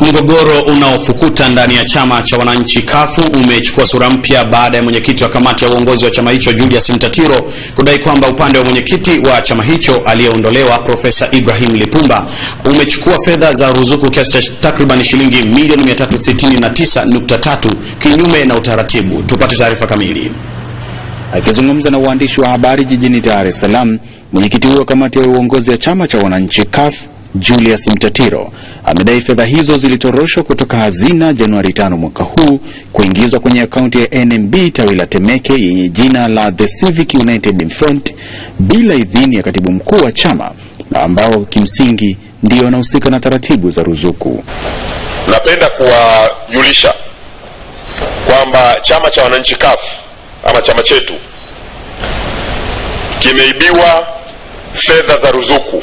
Mgogoro unaofukuta ndani ya chama cha wananchi kafu umechukua sura mpya baada ya mwenyekiti wa kamati ya uongozi wa chama hicho Julius Mtatiro kudai kwamba upande wa mwenyekiti wa chama hicho aliyeondolewa Profesa Ibrahim Lipumba umechukua fedha za ruzuku kiasi cha takriban shilingi milioni 369.3 kinyume na utaratibu. Tupate taarifa kamili. Akizungumza na uandishi wa habari jijini Dar es Salaam, mwenyekiti huyo wa kamati ya uongozi ya chama cha wananchi kafu Julius Mtatiro amedai fedha hizo zilitoroshwa kutoka hazina Januari tano mwaka huu kuingizwa kwenye akaunti ya NMB tawi la Temeke yenye jina la The Civic United Front bila idhini ya katibu mkuu wa chama na ambao kimsingi ndio wanahusika na taratibu za ruzuku. Napenda kuwajulisha kwamba chama cha wananchi kafu ama chama chetu kimeibiwa fedha za ruzuku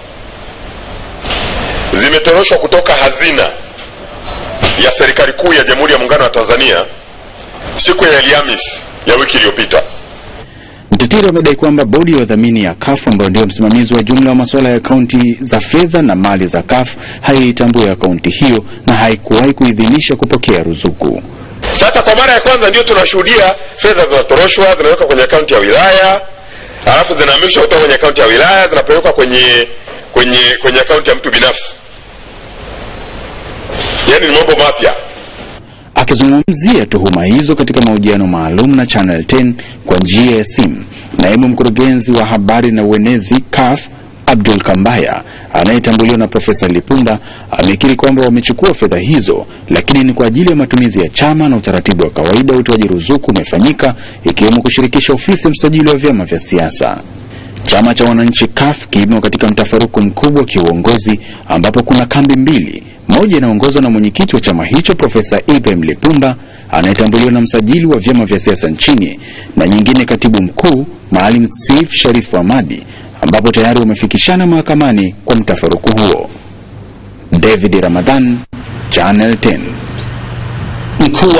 zimetoroshwa kutoka hazina ya serikali kuu ya Jamhuri ya Muungano wa Tanzania siku ya Alhamisi ya wiki iliyopita. mtetiri wamedai kwamba bodi ya udhamini ya kafu ambayo ndio msimamizi wa jumla wa masuala ya akaunti za fedha na mali za kafu haiitambui akaunti hiyo na haikuwahi kuidhinisha kupokea ruzuku. Sasa kwa mara ya kwanza ndio tunashuhudia fedha zinatoroshwa, zinawekwa kwenye akaunti ya wilaya, alafu zinahamishwa kutoka kwenye akaunti ya wilaya zinapelekwa kwenye kwenye kwenye akaunti ya mtu binafsi yani ni mambo mapya. Akizungumzia tuhuma hizo katika mahojiano maalum na Channel 10 kwa njia ya simu, naibu mkurugenzi wa habari na uenezi CAF Abdul Kambaya anayetambuliwa na Profesa Lipunda amekiri kwamba wamechukua fedha hizo, lakini ni kwa ajili ya matumizi ya chama na utaratibu wa kawaida utoaji ruzuku umefanyika, ikiwemo kushirikisha ofisi msajili wa vyama vya siasa. Chama cha wananchi kaf kimo katika mtafaruku mkubwa wa kiuongozi ambapo kuna kambi mbili moja inaongozwa na mwenyekiti wa chama hicho Profesa Ibrahim Lipumba anayetambuliwa na msajili wa vyama vya siasa nchini na nyingine katibu mkuu Maalim Seif Sharifu Hamadi, ambapo tayari wamefikishana mahakamani kwa mtafaruku huo. David Ramadhan, Channel 10. Mkuu